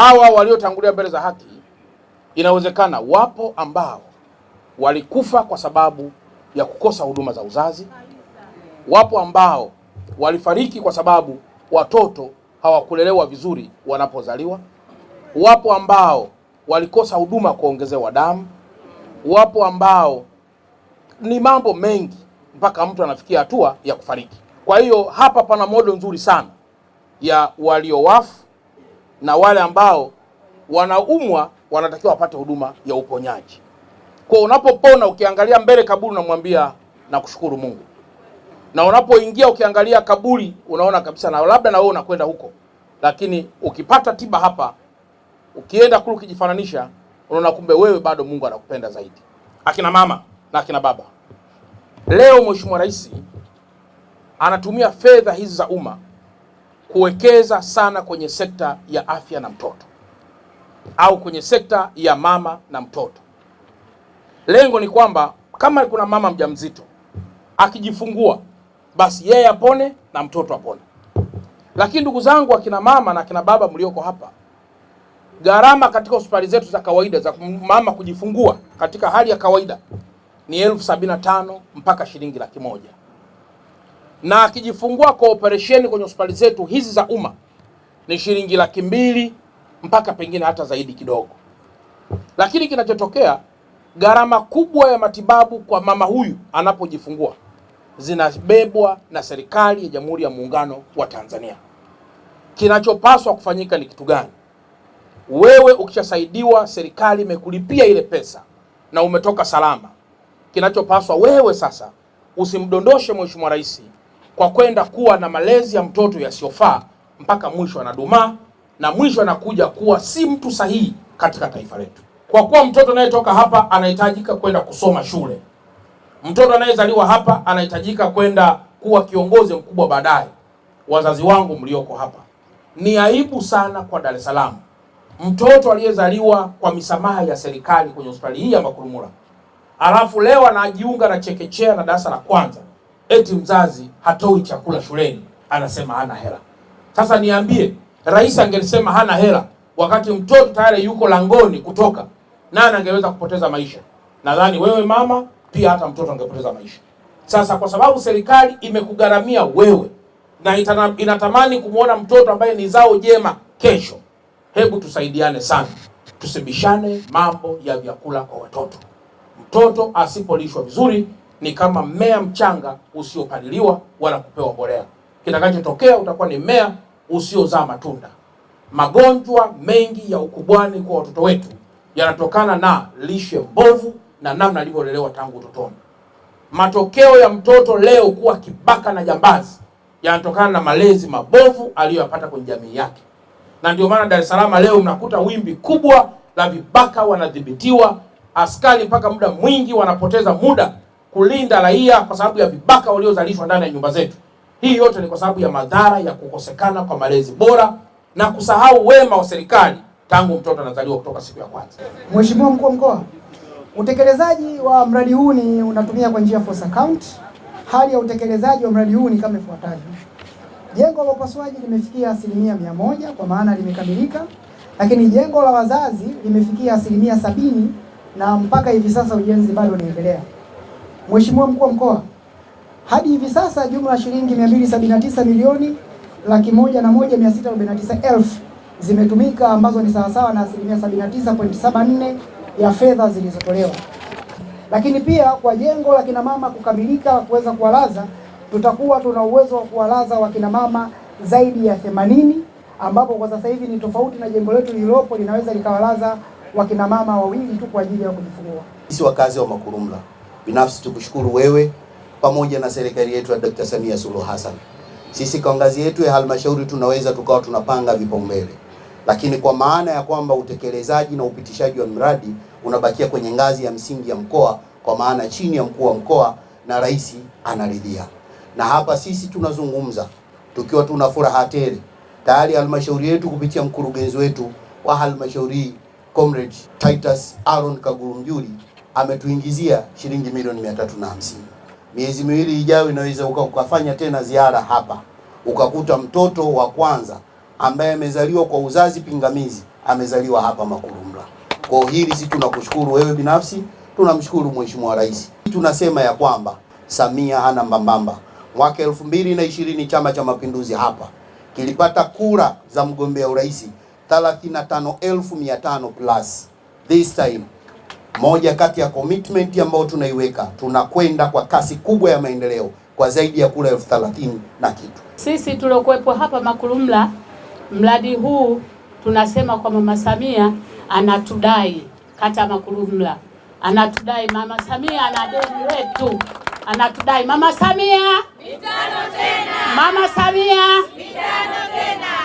hawa waliotangulia mbele za haki, inawezekana wapo ambao walikufa kwa sababu ya kukosa huduma za uzazi, wapo ambao walifariki kwa sababu watoto hawakulelewa vizuri wanapozaliwa, wapo ambao walikosa huduma kuongezewa damu, wapo ambao ni mambo mengi mpaka mtu anafikia hatua ya kufariki. Kwa hiyo hapa pana modo nzuri sana ya waliowafu na wale ambao wanaumwa wanatakiwa wapate huduma ya uponyaji. Kwa unapopona ukiangalia mbele kaburi unamwambia nakushukuru Mungu, na unapoingia ukiangalia kaburi unaona kabisa, na labda na wewe unakwenda huko, lakini ukipata tiba hapa, ukienda kule ukijifananisha, unaona kumbe wewe bado Mungu anakupenda zaidi. Akina mama na akina baba, leo Mheshimiwa Rais anatumia fedha hizi za umma kuwekeza sana kwenye sekta ya afya na mtoto au kwenye sekta ya mama na mtoto. Lengo ni kwamba kama kuna mama mjamzito akijifungua, basi yeye apone na mtoto apone. Lakini ndugu zangu akina mama na akina baba mlioko hapa, gharama katika hospitali zetu za kawaida za mama kujifungua katika hali ya kawaida ni elfu sabini na tano mpaka shilingi laki moja na akijifungua kwa operesheni kwenye hospitali zetu hizi za umma ni shilingi laki mbili mpaka pengine hata zaidi kidogo. Lakini kinachotokea gharama kubwa ya matibabu kwa mama huyu anapojifungua zinabebwa na serikali ya Jamhuri ya Muungano wa Tanzania. Kinachopaswa kufanyika ni kitu gani? Wewe ukishasaidiwa, serikali imekulipia ile pesa na umetoka salama, kinachopaswa wewe sasa usimdondoshe Mheshimiwa Rais kwa kwenda kuwa na malezi ya mtoto yasiyofaa mpaka mwisho anadumaa na mwisho anakuja kuwa si mtu sahihi katika taifa letu. Kwa kuwa mtoto anayetoka hapa anahitajika kwenda kusoma shule, mtoto anayezaliwa hapa anahitajika kwenda kuwa kiongozi mkubwa baadaye. Wazazi wangu mlioko hapa, ni aibu sana kwa Dar es Salaam mtoto aliyezaliwa kwa misamaha ya serikali kwenye hospitali hii ya makurumura alafu leo anajiunga na chekechea na darasa la kwanza eti mzazi hatoi chakula shuleni, anasema hana hela. Sasa niambie, rais angesema hana hela wakati mtoto tayari yuko langoni kutoka, nani angeweza kupoteza maisha? Nadhani wewe mama pia, hata mtoto angepoteza maisha. Sasa kwa sababu serikali imekugharamia wewe na itana, inatamani kumwona mtoto ambaye ni zao jema kesho, hebu tusaidiane sana, tusibishane mambo ya vyakula kwa watoto. Mtoto asipolishwa vizuri ni kama mmea mchanga usiopaliliwa wala kupewa mbolea. Kitakachotokea utakuwa ni mmea usiozaa matunda. Magonjwa mengi ya ukubwani kwa watoto wetu yanatokana na lishe mbovu na namna alivyolelewa tangu utotoni. Matokeo ya mtoto leo kuwa kibaka na jambazi yanatokana na malezi mabovu aliyoyapata kwenye jamii yake, na ndio maana Dar es Salaam leo mnakuta wimbi kubwa la vibaka wanadhibitiwa, askari mpaka muda mwingi wanapoteza muda kulinda raia kwa sababu ya vibaka waliozalishwa ndani ya nyumba zetu. Hii yote ni kwa sababu ya madhara ya kukosekana kwa malezi bora na kusahau wema wa serikali tangu mtoto anazaliwa kutoka siku ya kwanza. Mheshimiwa Mkuu wa Mkoa, utekelezaji wa mradi huu ni unatumia kwa njia force account. Hali ya utekelezaji wa mradi huu ni kama ifuatavyo: jengo la upasuaji limefikia asilimia mia moja kwa maana limekamilika, lakini jengo la wazazi limefikia asilimia sabini na mpaka hivi sasa ujenzi bado unaendelea. Mheshimiwa Mkuu wa Mkoa, hadi hivi sasa jumla ya shilingi 279 milioni laki moja na moja mia sita arobaini na tisa elfu zimetumika ambazo ni sawasawa na asilimia 79.74 ya fedha zilizotolewa. Lakini pia kwa jengo la kinamama kukamilika kuweza kuwalaza, tutakuwa tuna uwezo wa kuwalaza wakinamama zaidi ya 80 ambapo kwa sasa hivi ni tofauti na jengo letu lililopo linaweza likawalaza wakinamama wawili tu kwa ajili ya kujifungua. Sisi wakazi wa Makurumla Binafsi tukushukuru wewe pamoja na serikali yetu ya Dkt. Samia Suluhu Hassan. Sisi kwa ngazi yetu ya halmashauri tunaweza tukawa tunapanga vipaumbele, lakini kwa maana ya kwamba utekelezaji na upitishaji wa mradi unabakia kwenye ngazi ya msingi ya mkoa, kwa maana chini ya mkuu wa mkoa na rais anaridhia. Na hapa sisi tunazungumza tukiwa tuna furaha tele, tayari halmashauri yetu kupitia mkurugenzi wetu wa halmashauri Comrade Titus Aaron Kaguru Mjuri ametuingizia shilingi milioni mia tatu na hamsini. Miezi miwili ijayo inaweza uka, ukafanya tena ziara hapa ukakuta mtoto wa kwanza ambaye amezaliwa kwa uzazi pingamizi amezaliwa hapa Makurumla. Kwa hili si tunakushukuru wewe binafsi, tunamshukuru Mheshimiwa Rais. Tunasema ya kwamba Samia hana mbambamba. Mwaka elfu mbili na ishirini Chama cha Mapinduzi hapa kilipata kura za mgombea urais 35,500 plus this time moja kati ya commitment ambayo tunaiweka, tunakwenda kwa kasi kubwa ya maendeleo kwa zaidi ya kula elfu thelathini na kitu. Sisi tuliokuwepo hapa Makulumla, mradi huu tunasema kwa Mama Samia anatudai, kata Makulumla anatudai. Mama Samia ana deni letu, anatudai. Mama Samia mitano tena, Mama Samia mitano tena.